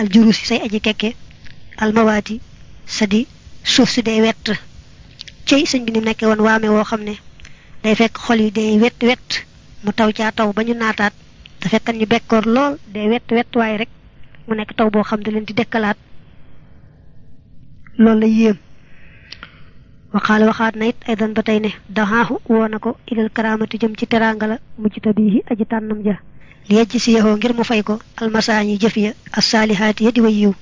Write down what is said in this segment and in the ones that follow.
al jurusi say aji keke al mawadi sadi suuf si day wett cey señ bi ni nekké won waame wo xamné day fekk xol yi day wett wett mu taw ci taw bañu nataat da fekkan ñu bekkor lool day wett wett way rek mu nekk taw bo xam da leen di dekkalaat lool la yéem وقال وخات نيت ايضا بتاي نه دهاه ونكو ilal الكرامه jëm ci teranga la mu tabihi aji tanam ja liyej si yahoo ngir mu fay ko almasaañi jëf ya assaalihaati ya di way yiw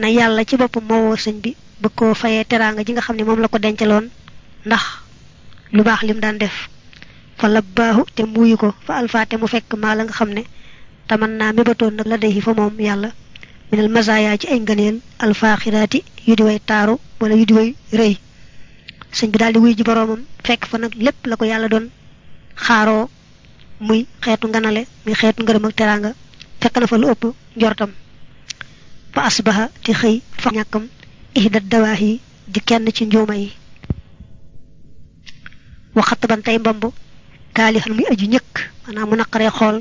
nee yàlla ci boppam moo sëñ bi bëgg koo fayee teraanga ji nga xam ne moom la ko dencaloon ndax lu baax lim daan def fa labbaahu te muuyu ko fa alfaate mu fekk maa la nga xam ne taman naa mébatoon nag la dey fa moom yàlla minal masaaya ci ay ngëneel alfaaxiraati yu di way taaru wala yu di way rëy sëñ bi daal di wuy ji boroomam fekk fa nag lépp la ko yàlla doon xaaroo muy xeetu nganale muy xeetu ngeureum ak teranga fekk na fa lu upp njortam fa asbaha ti xey fa ñakam ihdad dawahi di kenn ci yi waxat ban tey mbamb taalihan muy aju ñek maanaam mu naqare xol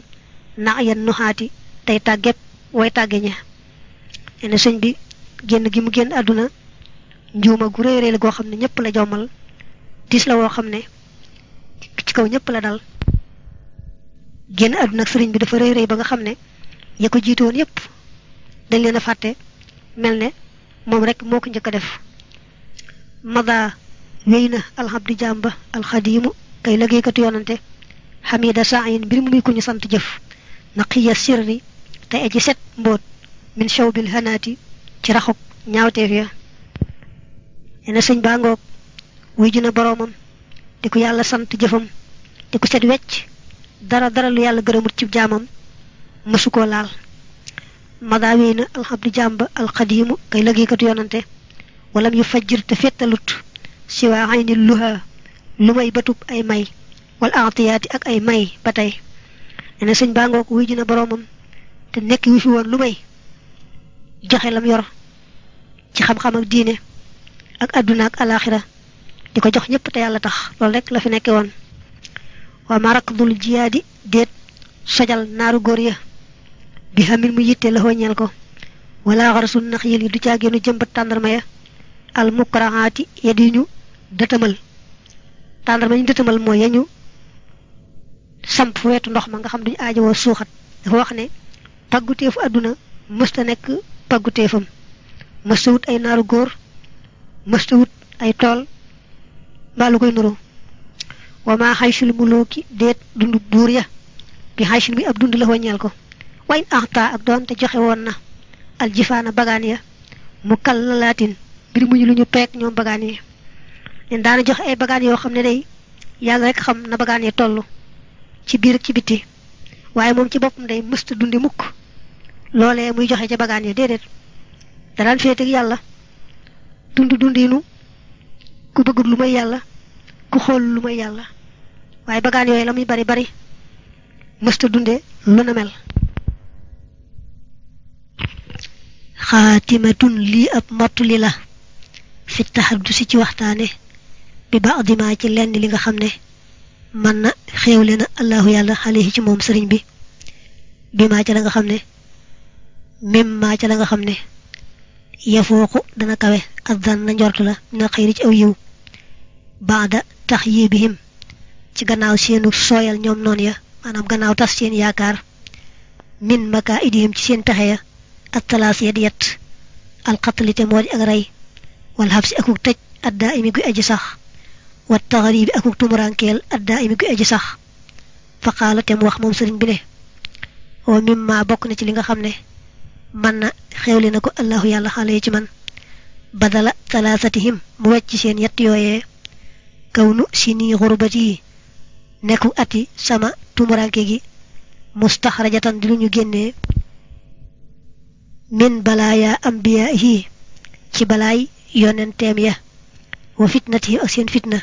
na ayen nuhati tay tagget way tagge ña ene señ bi genn gi mu genn nyep njuma gu réy réy la goo la jomal tis la wo xamne ci kaw ñepp la dal génn àdduna ak sëriñ bi dafa rëy rëy ba nga xam ne ya ko jiitoon yépp dañ leen a fàtte mel ne moom rek moo ko njëkk a def mada wéy na alxabdu jàmba alxadiimu kay liggéeykatu yonante xamida saayin mbir mu muy ku ñu sant jëf naqiya sirri te aji set mbóot min show bil hanaati ci raxuk ñaawteef ya ene sëñ baa ngoog wuy ji na boroomam di ko yàlla sant jëfam di ko set wecc dara dara lu yàlla gërëmut ci jaamam mosu ko laal madaawi na alxabdu jàmba alxadiimu kay lëggéeykatu yonante walam yu fajjir te fettalut si waa xay ni luha lu may batub ay may wala antiyaati ak ay may ba tey ne sëñ baa ngoog wuy ji na boroomam te nekk wi fi woon lu may joxe lam yor ci xam-xam ak diine ak àdduna ak alaaxira di ko jox ñëpp te yàlla tax loolu rekk la fi nekke woon wa maraqdul jiyaadi déet sojal naaru góor ya bi xamil mu yitte la ñeel ko wala xarasul nax yel yi du caageenu jëmbat tàndarma ya al mukrahaati yad yi ñu dëtëmal tàndarma yi ñu dëtëmal mooy yañu samp wetu ndox ma nga xam duñu aajowoo suuxat dafa wax ne pagguteefu àdduna mësta nekk pagguteefam mësta wut ay naaru góor mësta wut ay tool mbaa lu koy nuru wa ma hayshul muluki det dundu buur bi hayshin bi ab dund la wañal ko wayn axta ak doon te joxe na al jifana bagania mukallalatin mu kallalatin mbir muñu lu ñu peeg ñoom bagaan yi leen daana joxe ay day rek xam na bagani yi ci biir ci biti waaye moom ci boppam day mësta dundi mukk loolee muy joxe ca bagaan ya déedéet daraan féete ak lumayala, dund dundinu ku lu may ku lu may waye bagaan yoy lamuy bari bari musta dunde lu mel khatimatun li ab mottuli fi tahaddusi ci waxtane bi ma ci lenn li nga xamné man mën na xéewle na yàlla xale ci mom sëriñ bi bi ma ci la nga xamné mem ma ci la nga xamné ne yafooqu dana kawe ak na njort la na xëyri ci aw yiw baada tahyibihim ci gannaaw seenu soyal ñoom noon ya manam gannaaw tas seen yaakaar min maka idihim ci seen pexe ya ak talaas yet di yett alqatli te moo ak ray wal habsi akuk tëj addaa imi guy aji sax wa taxaribi akuk tumurankeel addaa imi guy aji sax faqaala te mu wax moom sëriñ bi ne oo mimma bokk na ci li nga xam ne man na xewle na ko allahu yàlla xale ci man badala talaasatihim mu wecc seen yett yooyee kawnu sini xurbati nekku ati sama tumuranke gi mustaxrajatan di lu ñu génnee min balaaya ambiyaahi ci balaay yonenteem ya wa fitnati ak seen fitna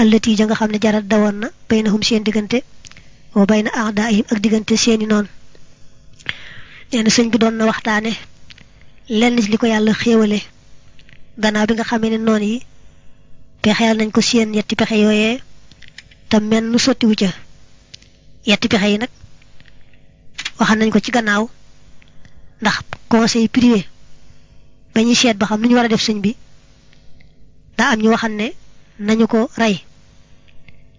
allati ja nga xam ne jarat dawoon na baynahum seen diggante wa bayna aadaahim ak diggante seeni noon nee sëñ bi doon na waxtaane lenn li ko yàlla xéewale gannaaw bi nga xam ne noon yi pexeel nañ ko seen yetti pexe yooye te menn sottiwu ca yetti pexe yi nag waxal nañ ko ci gannaaw ndax conseil privé ba ñuy seet ba xam lu ñu war a def sëñ bi daa am ñu waxal ne nañu ko rey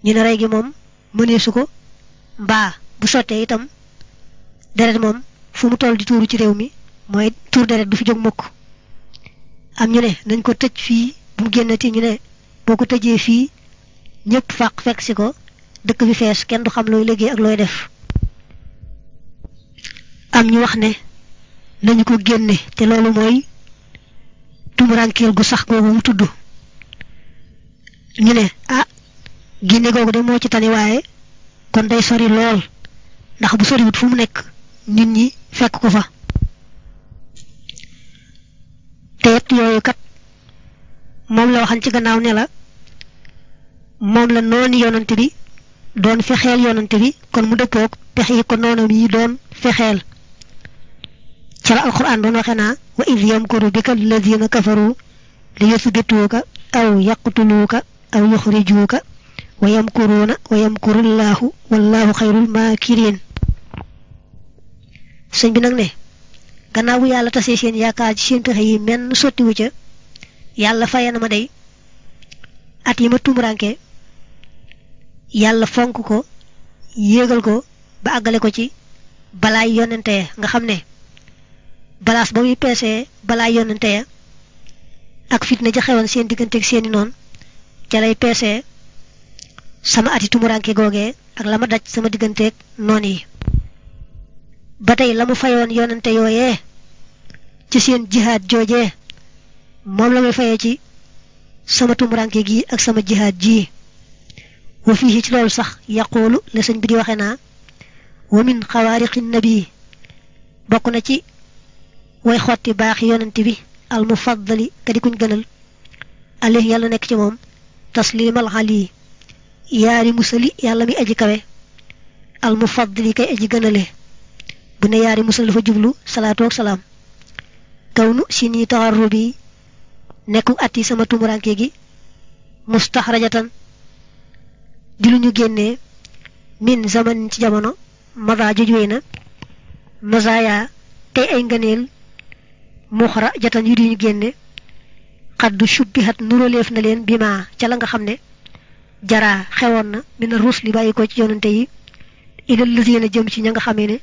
ñu ne rey gi moom su ko mbaa bu sottee itam deret moom fu mu toll di tuuru ci réew mi mooy tuur deret du fi jóg mukk am ñu ne nañ ko tëj fii bu mu génnati ñu ne boo ko tëjee fii ñépp fàq fekk si ko dëkk bi fees kenn du xam looy liggéey ak looy def am ñu wax ne nañu ko génne te loolu mooy tumurankeel gu sax googu mu tudd ñu ne ah génne googu de moo ci tane waaye kon day sori lool ndax bu soriwut fu mu nekk nit ñi fekk ko fa te yooyu kat moom la waxan ci gannaaw ne la moom la nooni yonante bi doon fexeel yonante bi kon mu dëppoog pex ko noonam yi doon fexeel ca la doon waxe naa wa id yamkuru bika alladina kafaru li yusbituuka aw yaqtuluuka aw yuxrijuuka wa yamkuruuna wa yamkurullahu wallahu xayrul maakirin sëñ bi nag ne gannaaw bu yàlla tasee seen yaakaar ci seen pexe yi menn sottiwu ca yàlla faye na ma day at yi ma tumuraanke yàlla fonk ko yéegal ko ba àggale ko ci balaay yonente ya nga xam ne balaas ba muy peesee balaay yonente ya ak fitna ja xewoon seen digganteeg seeni noon ca lay peesee sama ati tumuraanke googee ak la daj sama digganteeg noon yi ba tey la mu fayoon yonente yooyee ci seen jihaad jooje moom la may fayee ci sama tumuraanke gi ak sama jihaad ji وفيه تلول صح يقول لسن بدي وخنا ومن خوارق النبي بقنا تي ويخوتي باقي ينتبه المفضل كدي كن جنل عليه يلا نكتمهم تسليم العلي ياري مسلي يلا مي أجي كوي المفضل كي أجي جنله بني ياري مسلي فجبلو صلاة والسلام كونو سيني تغربي نكو أتي سما مرانكيجي مستحرجة مستحرجة di lu min zaman ci jamono mada jujuwe na mazaya tey ay ngëneel muxra jatan yu di ñu génne xaddu shubbihat nuroleef na leen bima ca la nga xam jara xewoon na min rusli bàyyikoo ci yonante yi ilal lazina jëm ci ña nga xamee ne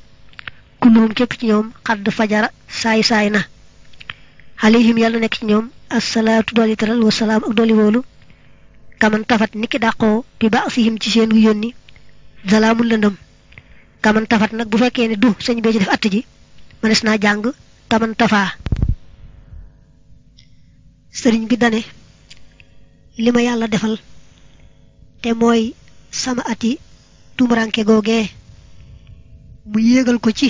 kulluhum képp ci ñoom xadd fajara saay saay na alayhim yàlla nekk ci ñoom assalaatu wasalaam ak kaman tafat niki dàqoo bi ba'sihim ci seen yoni zalamul zalaamul kaman tafat nak bu fekke ni du sëñ bee ci def att ji manes na jang kaman tafa bi dane lima yalla defal te moy sama ati tumuranke goge mu yéegal ko ci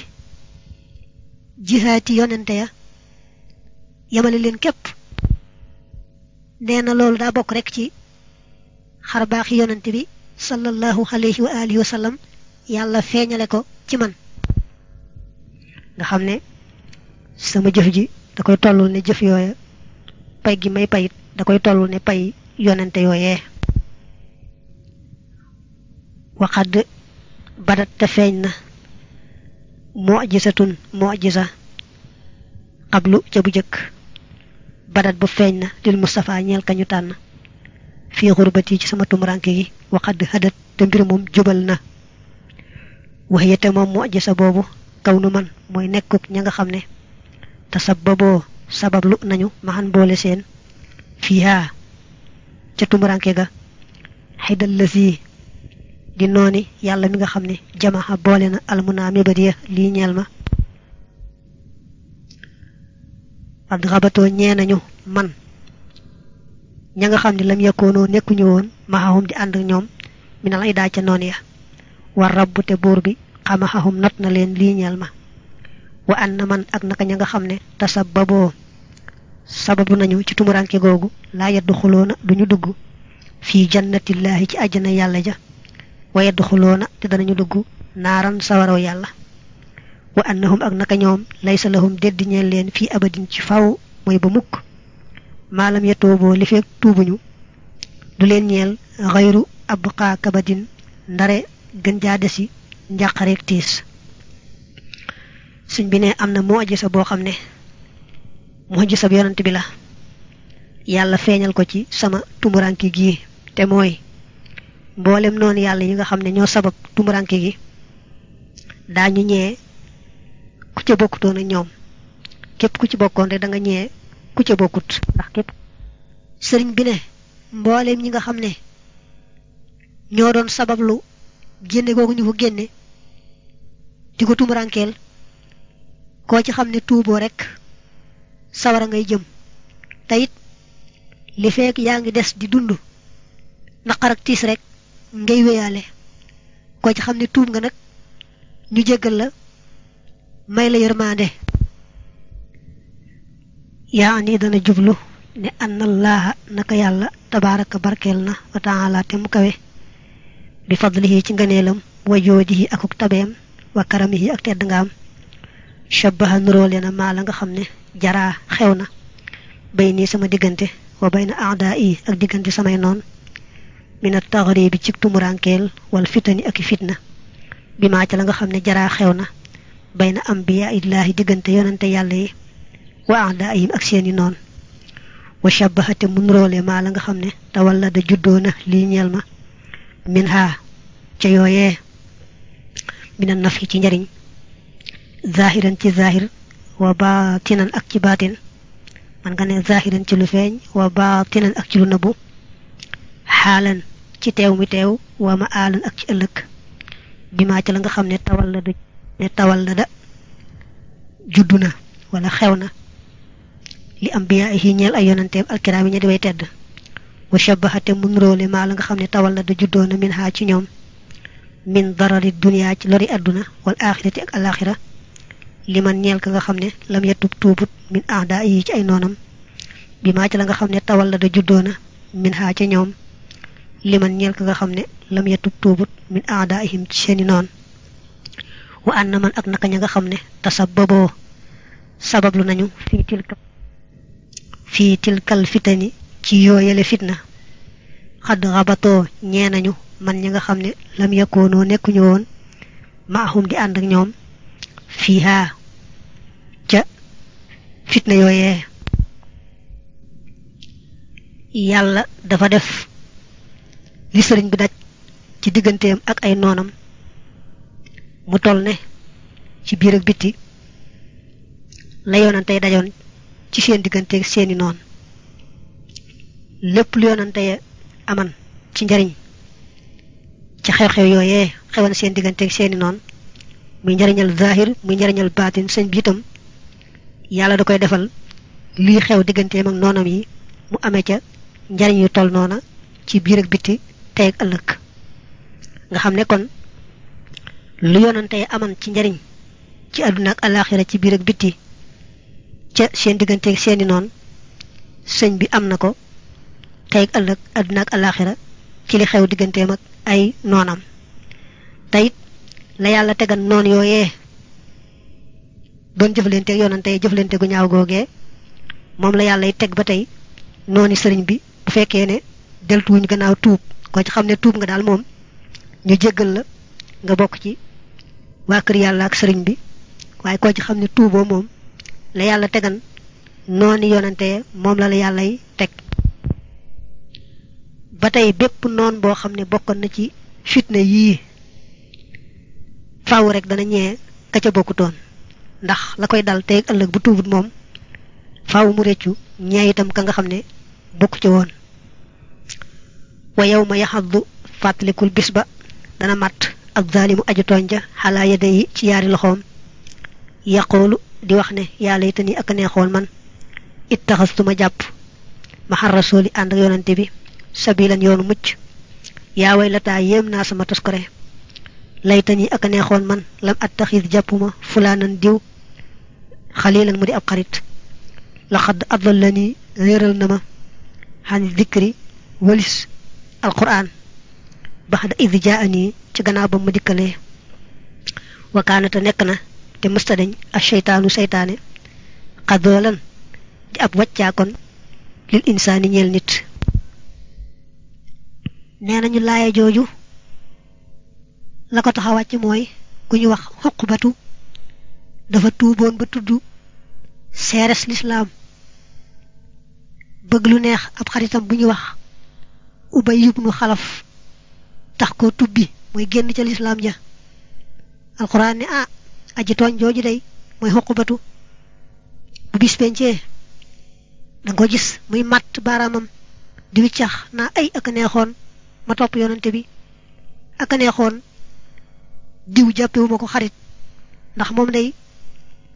jihati yonente ya yamale leen kep nee na da rek ci xar baax yonent bi sallallahu alayhi wa alihi wa sallam yàlla feeñale ko ci man nga xam ne sama jëf ji da koy tollul ne jëf yooya pay gi may payit da koy tollul ne pay yonente yooyee waxad badat te feeñ na mojisatun mojisa qablu ca bu jëkk badat bu feeñ na lil mustafa ñeel kañu tànn fi ghurbati ci sama tumuranke gi waqad hadat te mbir mom jubal na wahiya te mom mu'jisa bobu kawnu man moy nekkuk xamne tasabbabo sabab lu nañu mahan bolesen, Fia, fiha ci tumuranke ga haydal lazi di noni yalla mi nga xamne jamaha na almunami badiya li ñeel ma adghabato ñeenañu man ña nga lam ne neeku ñu won ma di and ak ñoom minal ay ca non ya war rabbu te buur bi not na leen li ñal ma wa an man ak naka ña nga xamne ne sababu nañu ci tumuranke googu laa yadduxuloona duñu dugg jannati llahi ci àjjana yalla ja wa yadduxuloona te danañu dugg naran sawaro yalla wa annahum ak naka ñom laysa lahum deddi ñel leen fi abadin ci faw moy ba mukk malam ya tobo li fek tubuñu du len ñeel ghayru abqa kabadin ndare gën ja desi njaqarek tis suñ bi ne amna mu'jisa bo xamne mu'jisa bi yonent bi la yalla feñal ko ci sama tumuranki gi te moy mbolem non yalla yi nga xamne ño sabab tumuranki gi ñu ñe ku ci bokku ñom kep ku ci bokkon da nga ñe ku ca bokut ndax képp sëriñ bi ne mbooleem ñi nga xam ne ñoo doon sabablu génne googu ñu fu génne di ko tumurankeel koo ci xam ne tuuboo rek sawara ngay jëm tayit li feek yaa ngi des di dund naqar ak tiis rek ngay wéyaale koo ci xam ne tuub nga nag ñu jéggal la may la yaani dana jublu ne annallaaha naka yàlla tabaaraka barkeel na wa taala te mu kawe ci ngëneelam wa joojihi akuk tabeem wa karamihi ak tedd ngaam shabaha nuróole na maa la nga xam ne jaraa xew na bay nii sama diggante wa bay na aada ak diggante samay noon mina taxari bi ci tumuraankeel wala fitani ak fitna bi maa ca la nga xam ne jaraa xew na bay na ambiya illaahi diggante yonante yàlla yi wa a'daa'ihim ak seeni noon wa shabbahate mu nuroole maa la nga xam ne tawalla da juddoona lii ñeel ma min haa ca yooyee mina nafi ci njariñ zahiran ci zahir wa baatinan ak ci baatin man nga ne zahiran ci lu feeñ wa baatinan ak ci lu nabu xaalan ci teew mi teew wa ma aalan ak ci ëllëg bi maa ca la nga xam ne tawalla da ne tawalla da judduna wala xew na li ambiyaahi ñeel ay yonanteem alkiraam yi ña di way tedd wa shabbahate mu nuróole maa la nga xam ne tawal na da juddoona min haa ci ñoom min darari duniyaa ci lori àdduna wal li man ñeel ka nga xam ne lam yatub tuubut min ci ay noonam bi maa ci la nga xam ne tawal la da juddoona min haa ci ñoom li man ñeel ka nga xam ne lam yetub tuubut min ahdaihim ci seeni noon wa anna man ak naka ña nga xam ne tasababoo sabablu nañu fii tilkal fitani ci yooyale fitna xadd xabatoo ñee nañu man ñi nga xam ne lam yakkoonoo nekkuñu woon maahum di ànd ak ñoom fiiha ca fitna yooyee yàlla dafa def li sëriñ bi daj ci digganteem ak ay noonam mu toll ne ci biir ak bitti la yoonantey dajoon ci seen digganteeg seeni noon lépp lu yonante ya aman ci njariñ ca xew-xew yooyee xewan seen digganteeg seeni noon muy njariñal zahir muy njariñal baatin sëñ bi itam yàlla da koy defal lii xew digganteem ak noonam yi mu amee ca njariñ yu toll noona ci biir ak bitti tey ak ëllëg nga xam ne kon lu yonante ya aman ci njariñ ci àdduna ak alaaxira ci biir ak bitti ca seen digganteeg seeni noon sëñ bi am na ko tey ak ëllëg àdduna ak alaaxira ci li xew digganteem ak ay noonam teyit la yàlla tegan noon yooyee doon jëflanteeg yoonante yi jëflante gu ñaaw googee moom la yàlla teg ba tey nooni sëriñ bi bu fekkee ne deltuwuñ gannaaw tuub ko ci xam ne tuub nga daal moom ñu jéggal la nga bokk ci waa kër yàlla ak sëriñ bi waaye koo ci xam ne tuuboo moom la yàlla tegan noonu yonante moom la la yàllay teg ba tey bépp noon boo xam ne bokkoon na ci fitne yii faaw rek dana ñee ka ca bokkutoon ndax la koy dal tey ëllëg bu tuubut moom faaw mu réccu ñee itam ka nga xam ne bokku ci woon wa yow ma yaxaddu fàttalikul bis ba dana mat ak zaalimu aju tooñ ja xalaa yade yi ci yaari loxoom yaqoolu di wax ne yaa laytani ak neexoon man ittakhastuma jàpp ma har rasul ànd yonante bi sabilan yonu mucc ya way lataa yéem naa sama toskore laytani ak neexoon man lam attakhiz jàppuma fulanan diw khalilan mudi di ab xarit laxad adallani réeral nama han xan walis alquran baxda id jaani ci ganna ba ma dikkalee wa kanata nekna te musta dañ asheytaanu shaytané qadolan di ab kon lil insani ñel nit nee nañu laaya jooju la ko tax a wàcc ku ñu wax hukbatu dafa tuubon ba tuddu seres l'islam bëgg lu neex ab xaritam bu ñu wax ubay ibn khalaf tax ko tubbi moy genn ci l'islam ja alquran ni ah aji tooñ joji day moy xoqubatu bu bis pencee da nga gis muy mat baramam di wiccax na ay ak neexon ma top yonante bi ak neexon diw jàppewuma ko xarit ndax mom day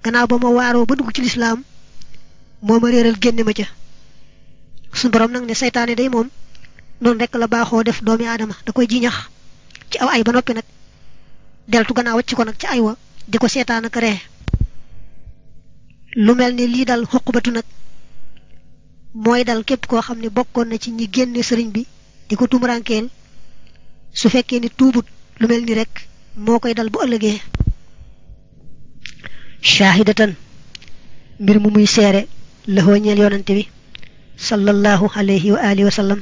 gannaaw ba ma waro ba dug ci l'islam moma reral genn ma ca sun borom nak ne setané day mom non rek la baxo def doomi adama da koy jiñax ci aw ay ba nopi nak deltu gana wacc ko nak ci ay wa di ko seetaan ak ree lu mel ni lii dal xuqbatu nag mooy dal képp koo xam ne bokkoon na ci ñi génn sëriñ bi di ko tumurankeel su fekkee ni tuubut lu mel ni rek moo koy dal bu ëllëgee shaahidatan ngir mu muy seere laxoo ñeel yonante bi sallallahu alayhi wa alihi wa sallam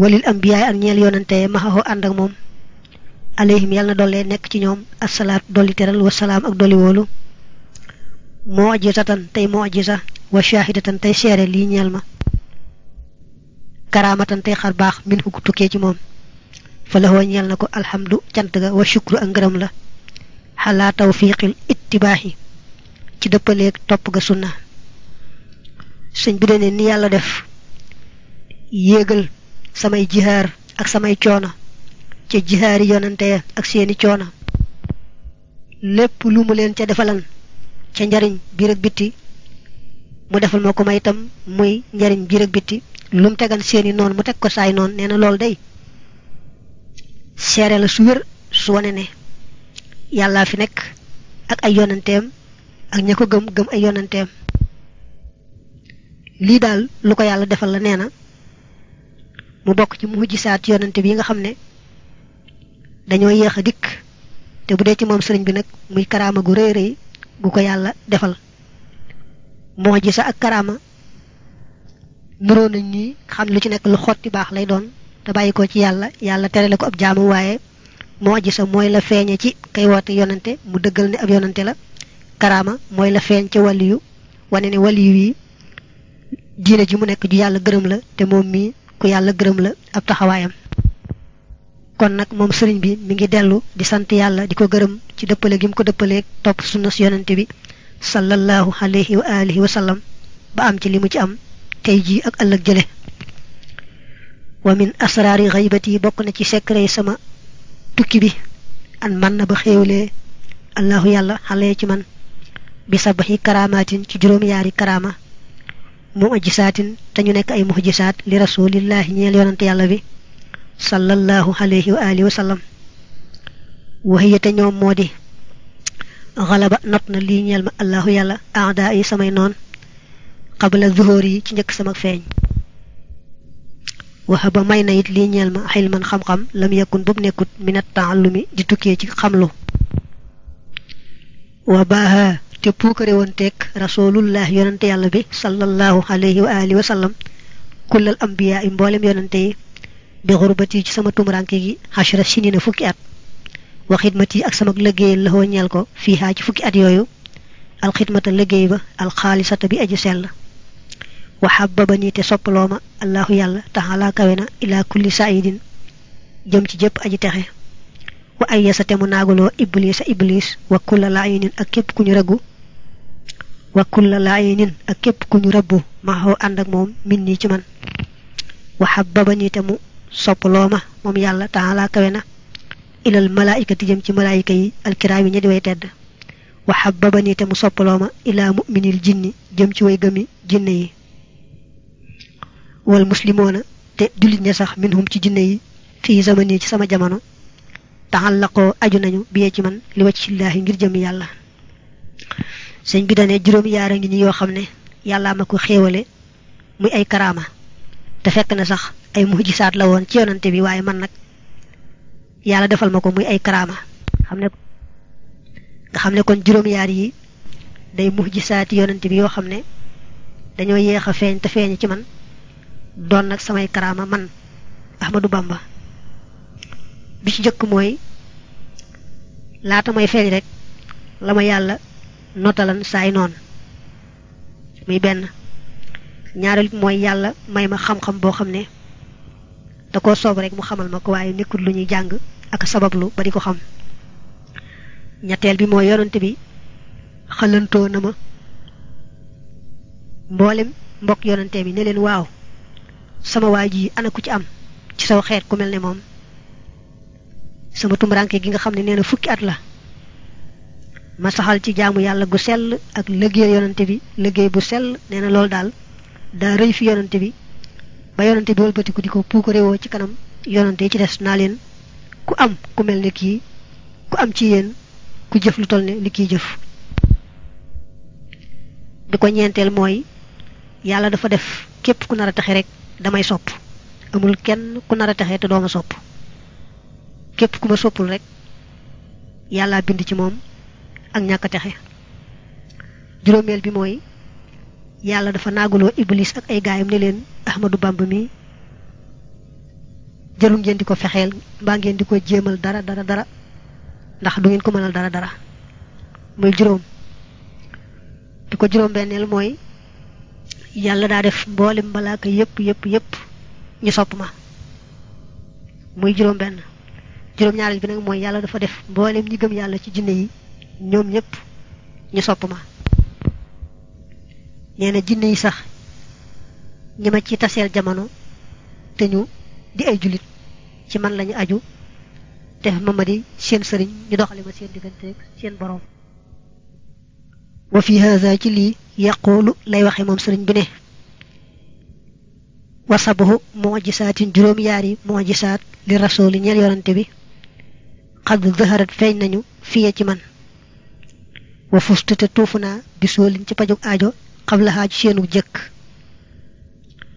walil ambiyaay ak ñeel yonante maxaxoo ànd ak moom alayhim yàlla na dollee nekk ci ñoom asalaatu dolli teral wa salaam ak dolli woolu mojisatan tey mojisa wa shahidatan tey seere lii ñeel ma karaamatan tey xar baax min hu tukkee ci moom fa laxoo ñeel na ko alhamdu cant ga wa ak ngërëm la xalaa tawfiqil ittibaaxi ci dëppaleeg topp ga sunna sëñ bi ne ni yàlla def yéegal samay jihaar ak samay coono ci hari yonante ya, ak seeni ciona lepp lu mu len ci defalan ci njariñ biir ak biti mu defal ma may itam muy njariñ biir ak biti lu mu tegan seeni non mu tek ko say non neena lol day seere la su su wonene ne fi nek ak ay yonanteem ak ñako gëm gëm ay yonanteem li dal lu ko yalla defal la neena mu bok ci yonante bi nga xamne dañoo yéex a dikk te bu dee ci moom sëriñ bi nag muy karaama gu rëy rëy gu ko yàlla defal moo ji sa ak karaama nuroo nañ ni xam lu ci nekk lu xotti baax lay doon te bàyyi ko ci yàlla yàlla terale ko ab jaamu waaye moo ji sa mooy la feeñe ci kay woote yonante mu dëggal ne ab yonante la karaama mooy la feeñ ca waliyu wane ne waliyu yi diine ji mu nekk ju yàlla gërëm la te moom mii ku yàlla gërëm la ab taxawaayam kon nag moom sëriñ bi mu ngi dellu di sant yàlla di ko gërëm ci dëppale gi mu ko dëppaleeg topp sunna si yonante bi sallallahu alayhi wa alihi wa ba am ci li mu ci am tey jii ak ëllëg jële wa min asraari xaybat bokk na ci secret sama tukki bi an man na ba xéewlee allahu yàlla xale ci man bi sabaxi karamaatin ci juróom-yaari karama mu ajisaatin te ñu nekk ay muxjisaat li rasulillahi ñeel yonante yàlla bi صلى الله عليه وآله وسلم وهي تنوم مودي غلب نطن لي نيال ما الله يلا أعدائي سمي نون قبل الظهوري تنك سمك فين وهب ما ينيت لي نيال ما حيل من خم خم لم يكن ببنكت من التعلم جتوكي جي خملو وباها تبوكري وانتك رسول الله يننتي الله بي صلى الله عليه وآله وسلم كل الأنبياء مبولم يننتي bi ghurbati ci sama tumuranke gi hashra sinina fukki at wa khidmati ak sama liggéeyal la ho ñal ko ha ci fukki at yoyu al khidmata liggéey ba al khalisata bi aji sel wa hababani te soppaloo allah yalla ta'ala kawena ila kulli saidin jëm ci jëpp aji taxé wa munagulo iblis a iblis wa kullu laayinin ak kep ku ñu ragu wa kullu laayinin ak kep ku ñu rabbu ho and ak mom min ci man wa hababani te soppaloo ma moom yàlla taala kawe na ilal malaayikati jëm ci malaayika yi alkiraami yi di way tedd wa habbabani te mu soppaloo ma ilaa muminil jinni jëm ci way gëmi jinne yi wal muslimoona te jullit ña sax minhum ci jinne yi fii zamani ci sama jamono ko aju nañu biyee ci man li wàccillaahi ngir jëm yàlla sëñ bi dane juróom yaara ngi ñi yoo xam ne yàllaa ma ko xéewale muy ay karaama te fekk na sax ay saat la woon ci yonante bi waaye man nag yàlla defal ma ko muy ay karaama xam ne nga xam ne kon juróom-yaar yi day mujisaati yonante bi yoo xam ne dañoo yéex a feeñ te feeñ ci man doon nag samay karaama man Ahmadou Bamba bi ci njëkk mooy laata may feeñ rek la ma yàlla notalan saay noon muy benn ñaareel bi mooy yàlla may ma xam-xam boo xam ne da koo soob rek mu xamal ma ko waaye nekkul lu ñuy jàng ak sabablu ba di ko xam ñetteel bi moo yonante bi xalantoo na ma mboolem mbokk yonante bi ne leen waaw sama waay ji ana ku ci am ci saw xeet ku mel ne moom sama tumuraanke gi nga xam ne nee na fukki at la ma saxal ci jaamu yàlla gu sell ak liggéey yonante bi liggéey bu sell nee na loolu daal daa rëy fi yonante bi ba yonante bi wëlbatiku di ko rewo ci kanam yonante ci dess naa ku am ku melni ki ku am ci yéen ku jëf lu tolne ne li kii jëf bi ko ñeenteel dafa def kep ku nara taxé rek damay sopp amul kenn ku nara taxé te dooma sopp kep ku ma soppul rek yalla bind ci mom ak ñaka taxé bi moy yàlla dafa naaguloo iblis ak ay gaayam ne leen ahmadu bamb mi jëlu ngeen di ko fexeel ngeen di ko dara dara dara ndax du ngeen ko mënal dara dara muy juróom bi ko juróom benneel mooy yàlla daa def yep malaaka yépp yépp yépp ñu sopp ma muy juróom benn juróom ñaareel bi nag mooy yàlla dafa def mboolem ñi gëm yàlla ci jinne yi ñoom ñépp ñu sopp nee na jinne yi sax ñi ci taseel jamono te ñu di ay jullit ci man lañu aju te ma ma di seen sëriñ ñu doxali ma seen digganteeg seen boroom wa fi haza ci lii yaqulu lay waxe moom sëriñ bi ne wa sabahu mojisaatin juróom yaari jisaat li rasooli ñeel yonante bi xad zaharat feeñ nañu fiye ci man wa fustu te tuufu naa bi soolin ci pajug aajo qablaha ci seenu jëkk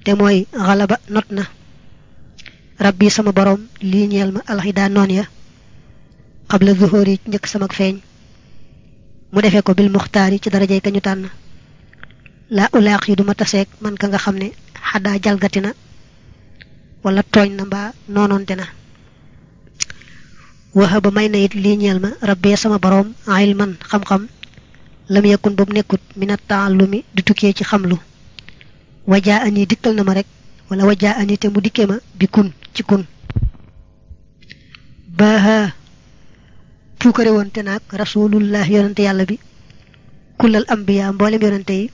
te mooy xalaba not rabbi sama borom lii ñeel ma alxida noon ya qabla zuhur yi njëkk sama feeñ mu defee ko bil muxtaar ci darajay ka ñu tànn la ulaax duma man ka nga xam ne xadaa jalgatina wala tooñ na mbaa noonoonte na wahaba may na it lii ñeel ma rabbi sama borom ailman xam-xam lam yakun bob nekut min at-ta'allumi du tukke ci xamlu waja dikkal na ma rek wala waja te mu dikke ma bi kun ci kun baha pukare won te nak rasulullah yonante yalla bi kulal anbiya mbolem yonante yi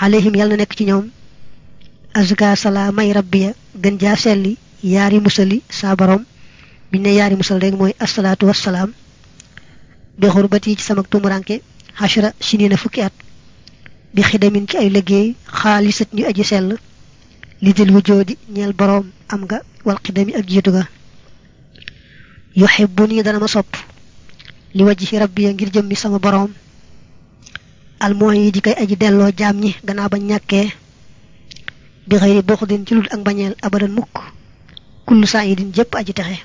alayhim yalla nek ci ñoom azka salamay rabbiya gën ja selli yari musali sa borom bi ne yari musal rek moy assalatu wassalam bi xurbati ci sama tumuranke ashra sinina fukki at bi xidamin ci ay liggéey xaalisat ñu aji sell li jël wujudi ñeel borom am nga wal xidami ak jitu ga yuhibbuni dana ma sopp li wajhi rabbi ngir sama borom al muhayyi di kay aji dello jam ñi gana ba ñakke bi xeyri bokhdin ci lut ak bañel abadan mukk kullu sa'idin jep aji taxé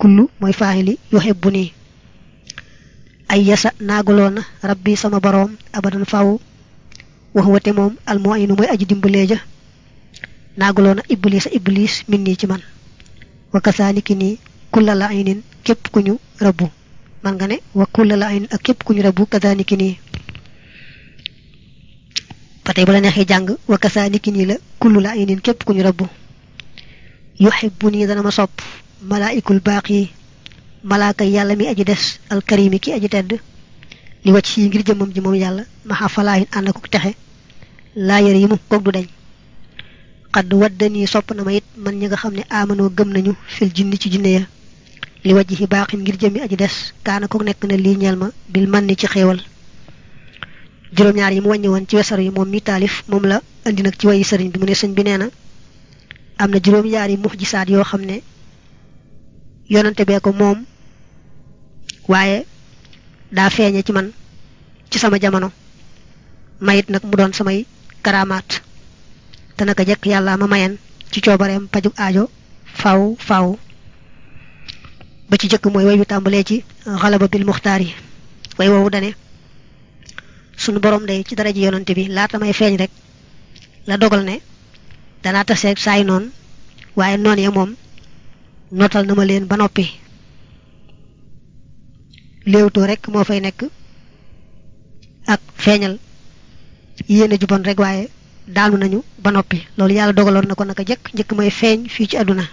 kullu moy faayili yuhibbuni ay yasa rabbi sama borom abadan faw waxwate moom almu'inu mooy aji dimbalee ja naagaloon iblis iblis minni ci man wa kasaaliki nii aynin kep kuñu rabbu man nga ne wa kullal ayn ak kep rabu rabbu kasaaliki nii patay bala nexi jang wa kasaaliki la kullal aynin kep kuñu rabbu yuhibbuni dana ma sop malaikul baqi malaaka yàlla mi aji des karimi ki aji tedd li wacc yi ngir jëmmam ji moom yàlla maxa falaahin ànd ak texe laa yar yi mu koog du dañ xadd waddani sopp ma it man ñi nga xam ne nañu fil jinni ci jinne ya li wajj yi baaxin ngir jëmi aji des kaana koog nekk na lii ñeel ma bil man ni ci xéewal juróom ñaar yi mu wàññi woon ci wesar yi moom mi taalif moom la andi nag ci wayi sëriñ bi mu ne sëñ bi nee na am ñaar yi yoo xam ne yonante bee ko moom waaye daa feeñe ci man ci sama jamono mayit nag mu doon samay karaamaat te naka jekk yàlla ma mayen ci coobareem pajug aajo faw faw ba ci jëkk mooy way wi tàmbalee ci xalaba bil muxtaar yi way woowu dane sunu borom day ci dara ji yonante bi laata may feeñ rek la dogal ne danaa taseeg saay noon waaye noon ya moom nootal na ma leen ba noppi léewtoo rek moo fay nekk ak feeñal yéene ju bon rek waaye daanu nañu ba noppi loolu yàlla dogaloon na ko naka jëkk njëkk mooy feeñ fii ci àdduna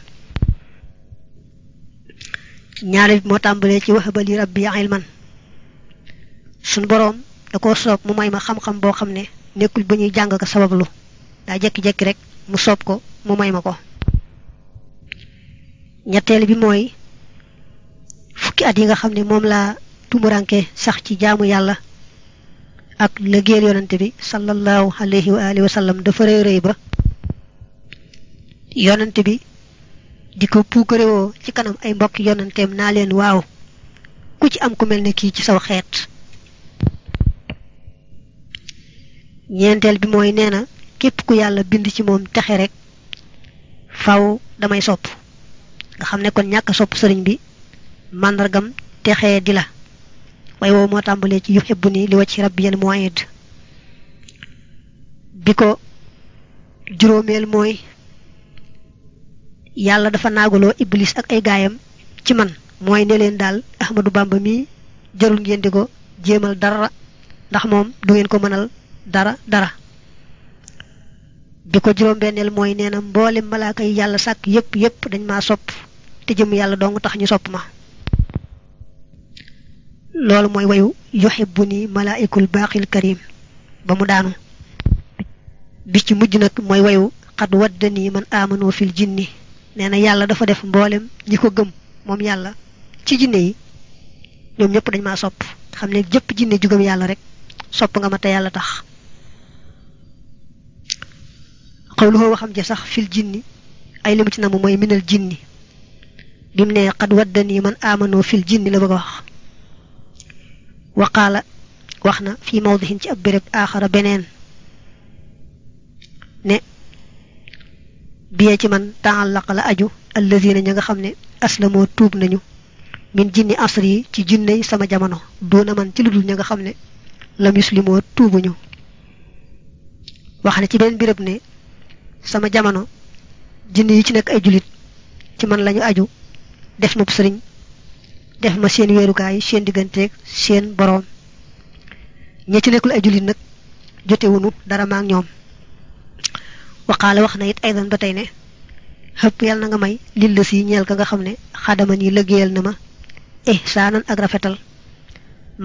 ñaare bi moo tàmbalee ci waxabali rabbi man suñ boroom da koo soob mu may ma xam-xam boo xam ne nekkul bu ñuy jàng ko sabablu daa jekki-jekki rek mu soob ko mu may ma ko ñetteel bi mooy fukki at yi nga xamne mom la laa tumuranke sax ci jaamu yalla ak lëggeel yonante bi sallallahu alayhi wa alihi wa sallam dafa rëy reey ba yonante bi di ko wo ci kanam ay mbokk yonanteem na len waw ku ci am ku melni ki ci saw xeet ñentel bi moy nee képp ku yalla bind ci mom taxé rek faw damay sopp nga kon ñaka sopp sëriñ bi mandargam texé dila way wo mo tambalé ci yuhibuni li wacc rabbiyal biko juromel moy yalla dafa nagulo iblis ak ay gayam ci man moy ne len dal ahmadu bamba mi jarul ngeen diko jemal dara ndax mom du ngeen ko manal dara dara biko juroom benel moy neena mbolim malaaka yalla sak yep yep dañ ma sop te jëm yalla dong tax ñu sop ma Lalu moy wayu yuhibbuni malaikul baqil karim ba mu daanu bi ci mujj nak moy wayu qad waddani man amanu fil jinni neena yalla dafa def mbollem ñi ko gëm moom yàlla ci jinne yi ñom ñep dañ ma sopp xamne jep jinne ju gëm yalla rek sopp nga ma ta yalla tax qawluhu ja sax fil jinni ay limu ci namu moy minal jinni bim ne qad waddani man amanu fil jinni la bëgg wax waqaala wax na fii mawdihin ci ab béréb aaxara beneen ne biyee ci man taallaqa la aju allazina ña nga xam ne aslamoo tuub nañu min jinni asri yi ci jinney sama jamono doona man ci ludul ña nga xam ne lam yuslimoo tuubuñu wax ne ci beneen béréb ne sama jamono jinni yi ci nekk ay jullit ci man lañu aju def ma sëriñ def ma seen weerukaay seen digganteeg seen boroom ñi ci nekkul ay jullit nag jotewunu dara maak ñoom waqaala wax na it aydan ba tey ne xëpp yàlla na nga may lilla si ñeel ka nga xam ne xadama ñi lëggéeyal na ma ihsaanan ak rafetal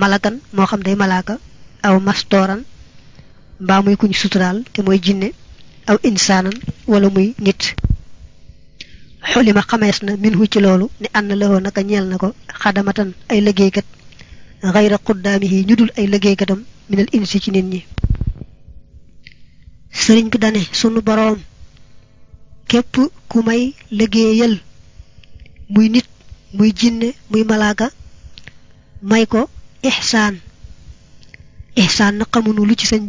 malakan moo xam day malaaka aw mastooran mbaa muy kuñ suturaal te mooy jinne aw insaanan wala muy nit xulima xamees na minhu ci loolu ne ànd la naka ñeel na ko xadamatan ay liggéeykat xayra xuddaami yi ñu dul ay liggéeykatam minal insi ci nit ñi sëriñ bi dane sunu boroom képp ku may liggéeyal muy nit muy jinne muy malaaka may ko ixsaan ixsaan na xamunu lu ci sëñ